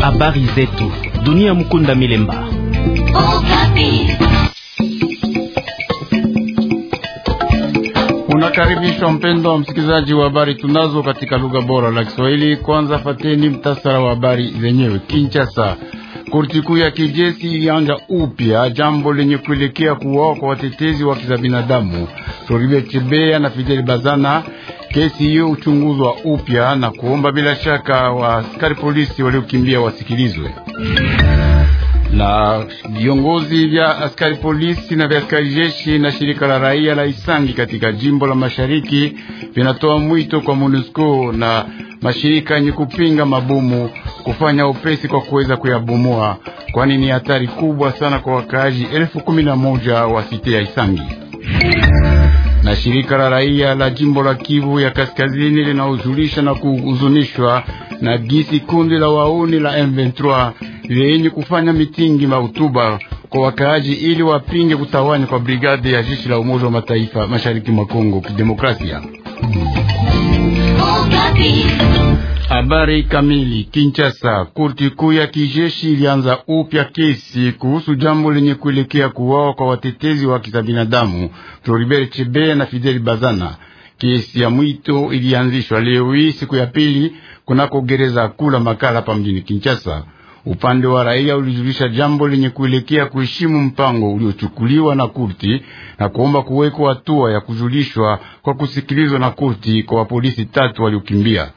Habari zetu dunia. Mkunda Milemba. Unakaribishwa mpendo wa msikilizaji wa habari tunazo katika lugha bora la Kiswahili. Kwanza fateni mtasara wa habari zenyewe. Kinshasa Korti kuu ya kijeshi ilianja upya jambo lenye kuelekea kuwawa kwa watetezi wa haki za binadamu Floribert Chebeya na Fidel Bazana. Kesi hiyo uchunguzwa upya na kuomba bila shaka waaskari polisi waliokimbia wasikilizwe na viongozi vya askari polisi na vya askari jeshi na shirika la raia la Isangi katika jimbo la mashariki vinatoa mwito kwa MONUSCO na mashirika yenye kupinga mabomu kufanya upesi kwa kuweza kuyabomoa, kwani ni hatari kubwa sana kwa wakaaji elfu kumi na moja wa site ya Isangi. Na shirika la raia la jimbo la Kivu ya Kaskazini linahuzulisha na kuhuzunishwa na gisi kundi la wauni la M23 lenye kufanya mitingi mahutuba kwa wakaaji ili wapinge kutawanya kwa brigade ya jeshi la Umoja wa Mataifa mashariki mwa Kongo Kidemokrasia. Oh, Habari kamili. Kinshasa, korti kuu ya kijeshi ilianza upya kesi kuhusu jambo lenye kuelekea kuwawa kwa watetezi wa haki za binadamu Floribert Chebeya na Fidel Bazana. Kesi ya mwito ilianzishwa leo hii siku ya pili kunako gereza kula Makala pa mjini Kinshasa. Upande wa raia ulijulisha jambo lenye kuelekea kuheshimu mpango uliochukuliwa na kurti na kuomba kuwekwa hatua ya kujulishwa kwa kusikilizwa na kurti kwa wapolisi tatu waliokimbia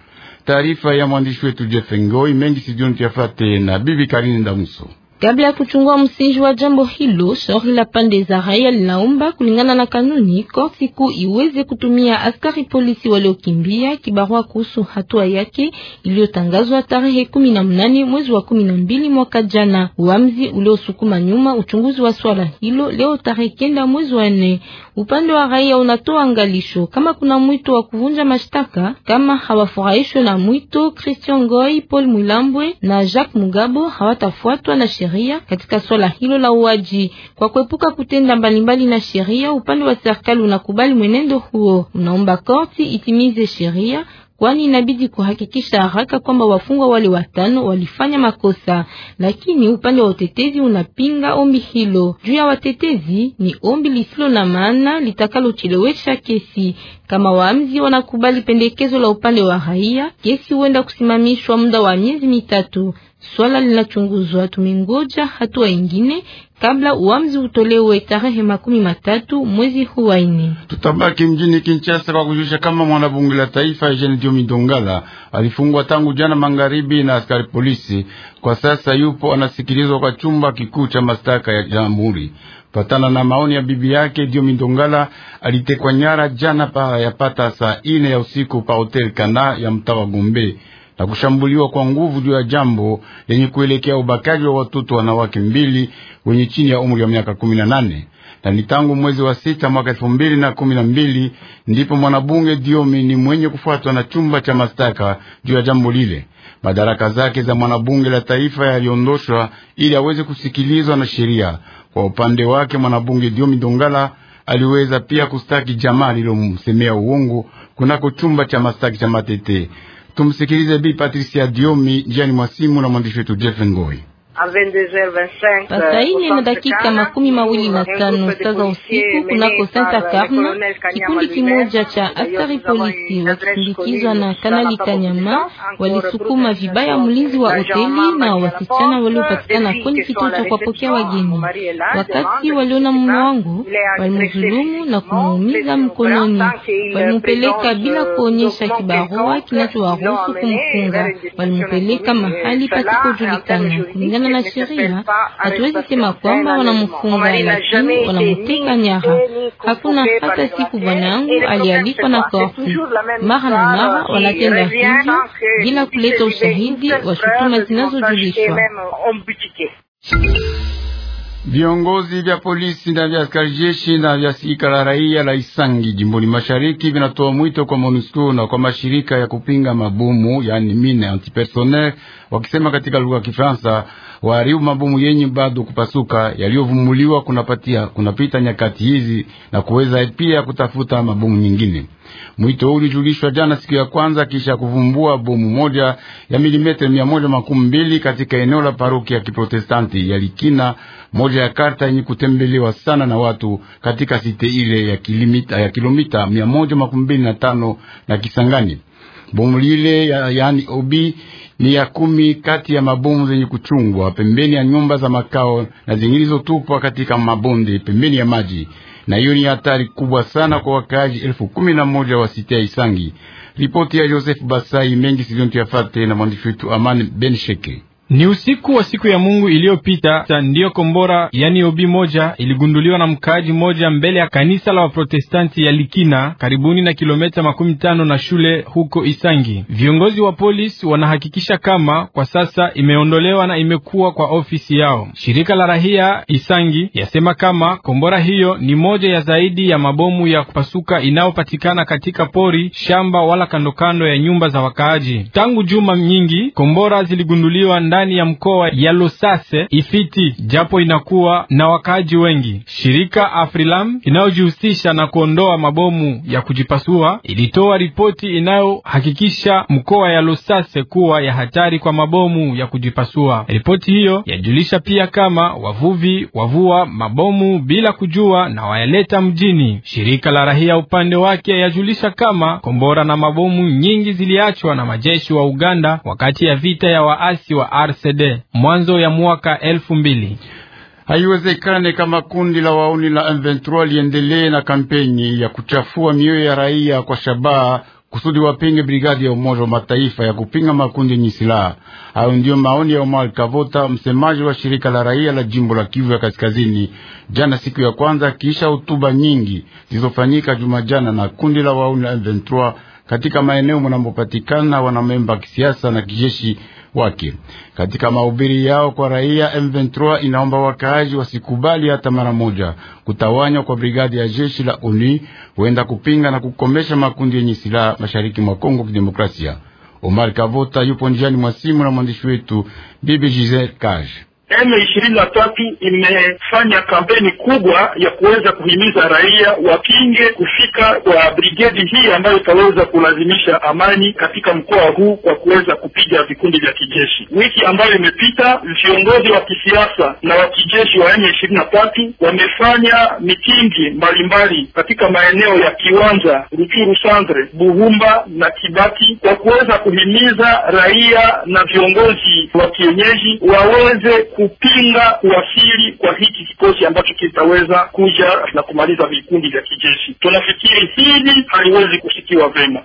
Taarifa ya mwandishi wetu Jeff Ngoi mengi sijontiafate na bibi Karine Ndamuso. Kabla ya kuchungua msingi wa jambo hilo, shauri la pande za raia linaomba kulingana na kanuni korti kuu iweze kutumia askari polisi waliokimbia kibarua kuhusu hatua yake iliyotangazwa tarehe 18 mwezi wa 12 mwaka jana, uamuzi uliosukuma nyuma uchunguzi wa swala hilo leo tarehe kenda mwezi wa nne. Upande wa raia unatoa angalisho kama kuna mwito wa kuvunja mashtaka kama hawafurahishwe na mwito. Christian Goy, Paul Mulambwe na Jacques Mugabo hawatafuatwa na sheria sheria katika swala hilo la uaji kwa kuepuka kutenda mbalimbali na sheria. Upande wa serikali unakubali mwenendo huo, unaomba korti itimize sheria kwani inabidi kuhakikisha haraka kwamba wafungwa wale watano walifanya makosa, lakini upande wa utetezi unapinga ombi hilo. Juu ya watetezi, ni ombi lisilo na maana litakalochelewesha kesi. Kama waamzi wanakubali pendekezo la upande wa raia, kesi huenda kusimamishwa muda wa miezi mitatu. Swala linachunguzwa. Tumengoja hatua ingine kabla uamuzi utolewe tarehe makumi matatu mwezi huu wa nne. Tutabaki mjini Kinshasa kwa kujulisha kama mwanabunge la taifa Eugene Diomi Dongala alifungwa tangu jana magharibi na askari polisi. Kwa sasa yupo anasikilizwa kwa chumba kikuu cha mashtaka ya jamhuri. Patana na maoni ya bibi yake, Diomi Dongala alitekwa nyara jana pa yapata saa ine ya usiku pa hotel Kana ya mtawa Gombe na kushambuliwa kwa nguvu juu ya jambo lenye kuelekea ubakaji wa watoto wanawake mbili wenye chini ya umri wa miaka kumi na nane na ni tangu mwezi wa sita mwaka elfu mbili na kumi na mbili ndipo mwanabunge Diomi ni mwenye kufuatwa na chumba cha mashtaka juu ya jambo lile. Madaraka zake za mwanabunge la taifa yaliondoshwa ili aweze kusikilizwa na sheria. Kwa upande wake, mwanabunge Diomi Dongala aliweza pia kustaki jamaa lilomsemea uongo kunako chumba cha mashtaka cha Matete. Tumsikilize Bi Patricia Diomi njiani mwa simu na mwandishi wetu Jeff Ngoi. Pasaini na dakika makumi mawili na tano saa za usiku kunako Santa Carmen, kikundi kimoja cha askari polisi wakisindikizwa na Kanali Kanyama walisukuma vibaya mlinzi wa hoteli na wasichana waliopatikana kwenye kituo cha kuwapokea wageni. Wakati waliona mume wangu, walimdhulumu na kumuumiza mkononi, walimupeleka bila kuonyesha kibarua kinachowaruhusu kumfunga, walimupeleka mahali pasipojulikana kulingana pamoja na sheria, hatuwezi sema kwamba wanamfunga, lakini wanamuteka nyara. Hakuna hata siku bwana yangu alialikwa na korti. Mara na mara wanatenda hivyo bila kuleta ushahidi wa shutuma zinazojulishwa. Viongozi vya polisi na vya askari jeshi na vya shirika la raia la Isangi jimboni mashariki vinatoa mwito kwa MONUSCO na kwa mashirika ya kupinga mabomu yani mine antipersonnel, wakisema katika lugha ya Kifaransa, waharibu mabomu yenye bado kupasuka yaliyovumuliwa kunapatia kunapita nyakati hizi na kuweza pia kutafuta mabomu nyingine. Mwito huu ulijulishwa jana siku ya kwanza kisha kuvumbua bomu moja ya milimeta mia moja makumi mbili katika eneo la paroki ya Kiprotestanti ya Likina, moja ya karta yenye kutembelewa sana na watu katika site ile ya kilomita ya kilomita mia moja makumi mbili na tano na Kisangani. Bomu lile ya, yaani obi ni ya kumi kati ya mabomu zenye kuchungwa pembeni ya nyumba za makao na zingilizotupwa katika mabonde pembeni ya maji na hiyo ni hatari kubwa sana kwa wakaaji elfu kumi na moja wa site ya Isangi. Ripoti ya Joseph Basai mengi sivyontu yafate na mwandishi wetu Amani Ben Sheke. Ni usiku wa siku ya Mungu iliyopita ndiyo kombora yani obi moja iligunduliwa na mkaaji moja mbele ya kanisa la Waprotestanti ya Likina karibuni na kilomita makumi tano na shule huko Isangi. Viongozi wa polisi wanahakikisha kama kwa sasa imeondolewa na imekuwa kwa ofisi yao. Shirika la rahia Isangi yasema kama kombora hiyo ni moja ya zaidi ya mabomu ya kupasuka inayopatikana katika pori, shamba wala kandokando ya nyumba za wakaaji. Tangu juma nyingi kombora ziligunduliwa ndani ya mkoa ya Lusase, Ifiti, e japo inakuwa na wakaaji wengi. Shirika Afrilam inayojihusisha na kuondoa mabomu ya kujipasua ilitoa ripoti inayohakikisha mkoa ya Lusase kuwa ya hatari kwa mabomu ya kujipasua. Ripoti hiyo yajulisha pia kama wavuvi wavua mabomu bila kujua na wayaleta mjini. Shirika la rahia upande wake yajulisha kama kombora na mabomu nyingi ziliachwa na majeshi wa Uganda wakati ya vita ya waasi wa MRCD mwanzo ya mwaka elfu mbili. Haiwezekane kama kundi la wauni la M23 liendelee na kampeni ya kuchafua mioyo ya raia kwa shabaha kusudi wapinge brigadi ya Umoja wa Mataifa ya kupinga makundi yenye silaha. Hayo ndiyo maoni ya Omar Kavota, msemaji wa shirika la raia la jimbo la Kivu ya Kaskazini, jana siku ya kwanza, kisha hotuba nyingi zilizofanyika juma jana na kundi la wauni la M23 katika maeneo mnamopatikana wanamemba kisiasa na kijeshi wake Katika mahubiri yao kwa raia, M23 inaomba wakaaji wasikubali hata mara moja kutawanywa kwa brigadi ya jeshi la UNI huenda kupinga na kukomesha makundi yenye silaha mashariki mwa Kongo Kidemokrasia. Omar Kavota yupo njiani mwa simu na mwandishi wetu Bibi Giselle Kaj. M ishirini na tatu imefanya kampeni kubwa ya kuweza kuhimiza raia wapinge kufika kwa brigedi hii ambayo itaweza kulazimisha amani katika mkoa huu kwa kuweza kupiga vikundi vya kijeshi. Wiki ambayo imepita, viongozi wa kisiasa na wa kijeshi wa M 23 wamefanya mitingi mbalimbali katika maeneo ya Kiwanja, Ruchuru Sandre, Buhumba na Kibati kwa kuweza kuhimiza raia na viongozi wa kienyeji waweze kupinga kuwasili kwa hiki kikosi ambacho kitaweza kuja na kumaliza vikundi vya kijeshi. Tunafikiri hili haliwezi kusikiwa vema.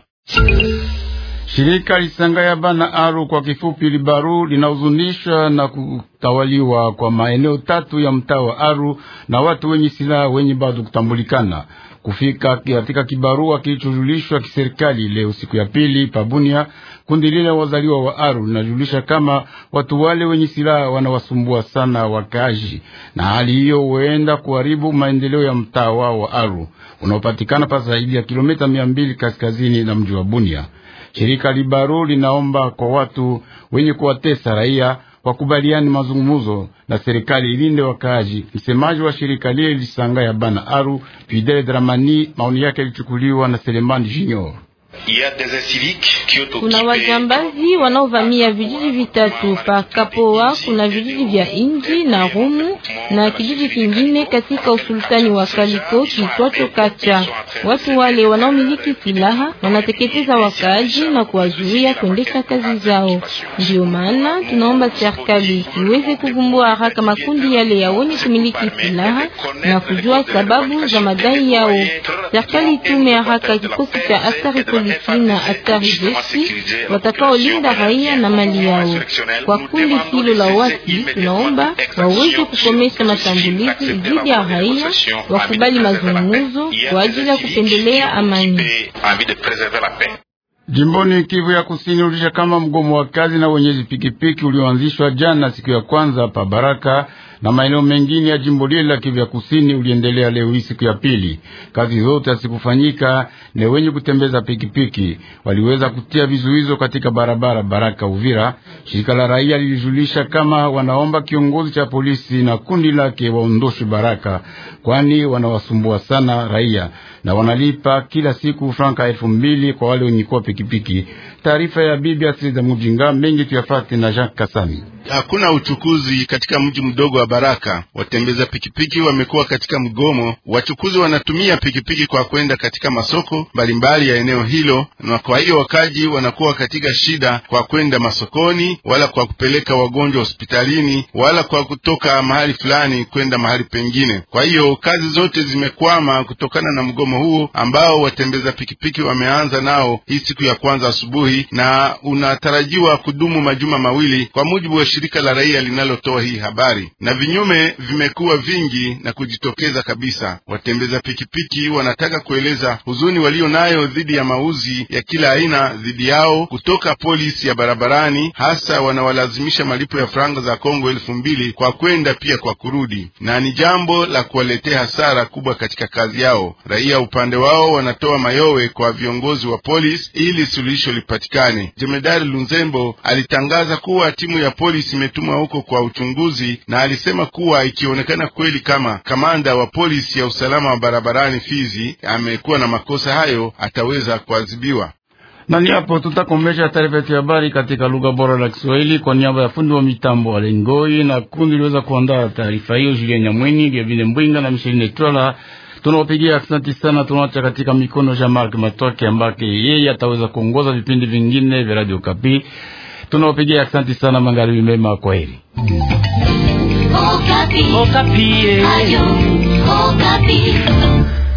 Shirika ya bana Aru kwa kifupi Libaru linahuzunishwa na kutawaliwa kwa maeneo tatu ya mtaa wa Aru na watu wenye silaha wenye bado kutambulikana kufika katika kibarua kilichojulishwa kiserikali leo siku ya pili pabunia, kundi lile wazaliwa wa Aru linajulisha kama watu wale wenye silaha wanawasumbua sana wakaji, na hali hiyo huenda kuharibu maendeleo ya mtaa wao wa Aru unaopatikana pa zaidi ya kilomita mia mbili kaskazini na mji wa Bunia. Shirika Libaru linaomba kwa watu wenye kuwatesa raia wakubaliani mazungumuzo na serikali ilinde wakaaji. Msemaji wa shirika lile lisanga ya bana aru Fidel Dramani, maoni yake yalichukuliwa na Selemani Junior. Kuna wajambazi wanaovamia vijiji vitatu pa Kapoa, kuna vijiji vya Inji na Rumu na kijiji kingine katika usultani wa Kaliko kitwacho Kacha. Watu wale wanaomiliki silaha wanateketeza wakaaji na kuwazuia kuendesha kazi zao. Ndio maana tunaomba serikali iweze kuvumbua haraka makundi yale ya wenye kumiliki silaha na kujua sababu za madai yao. Serikali tume haraka kikosi cha askari polisi na askari jeshi watakaolinda raia na mali yao. Kwa kundi hilo la wasi, tunaomba waweze kukomesha kuendesha mashambulizi dhidi ya raia, wakubali mazungumzo kwa ajili ya kupendelea amani. Jimboni Kivu ya Kusini ulisha kama mgomo wa kazi na wenyezi pikipiki ulioanzishwa jana siku ya kwanza pa Baraka na maeneo mengine ya jimbo lile la Kivu ya Kusini uliendelea leo hii siku ya pili. Kazi zote hazikufanyika ni wenye kutembeza pikipiki waliweza kutia vizuizo katika barabara Baraka Uvira. Shirika la raia lilijulisha kama wanaomba kiongozi cha polisi na kundi lake waondoshe Baraka, kwani wanawasumbua sana raia na wanalipa kila siku franka elfu mbili kwa wale wenye kuwa pikipiki. Taarifa ya bibi Asiza Mujinga mengi tuyafate na Jean Kasami. Hakuna uchukuzi katika mji mdogo wa Baraka. Watembeza pikipiki wamekuwa katika mgomo. Wachukuzi wanatumia pikipiki kwa kwenda katika masoko mbalimbali ya eneo hilo, na kwa hiyo wakaji wanakuwa katika shida kwa kwenda masokoni, wala kwa kupeleka wagonjwa hospitalini, wala kwa kutoka mahali fulani kwenda mahali pengine. Kwa hiyo kazi zote zimekwama kutokana na mgomo huo ambao watembeza pikipiki wameanza nao hii siku ya kwanza asubuhi mzuri na unatarajiwa kudumu majuma mawili, kwa mujibu wa shirika la raia linalotoa hii habari. Na vinyume vimekuwa vingi na kujitokeza kabisa. Watembeza pikipiki wanataka kueleza huzuni walio nayo dhidi ya mauzi ya kila aina dhidi yao kutoka polisi ya barabarani, hasa wanawalazimisha malipo ya franga za Kongo elfu mbili kwa kwenda pia kwa kurudi, na ni jambo la kuwaletea hasara kubwa katika kazi yao. Raia upande wao wanatoa mayowe kwa viongozi wa polisi ili suluhisho lipatikane ipatikane. Jemedari Lunzembo alitangaza kuwa timu ya polisi imetumwa huko kwa uchunguzi, na alisema kuwa ikionekana kweli kama kamanda wa polisi ya usalama wa barabarani Fizi amekuwa na makosa hayo, ataweza kuadhibiwa. Na ni hapo tutakomesha taarifa yetu ya habari katika lugha bora la Kiswahili kwa niaba ya fundi wa mitambo Alengoi na kundi liweza kuandaa taarifa hiyo, Julien Nyamwini, Gavine Mbwinga na Micheline Twala. Tunawapigia asanti sana. Tunaacha katika mikono ya Mark Matoke ambake yeye ataweza kuongoza vipindi vingine vya Radio Kapi. Tunawapigia asanti sana, mangari mema, kwaheri. Okapi. Okapi. Eh.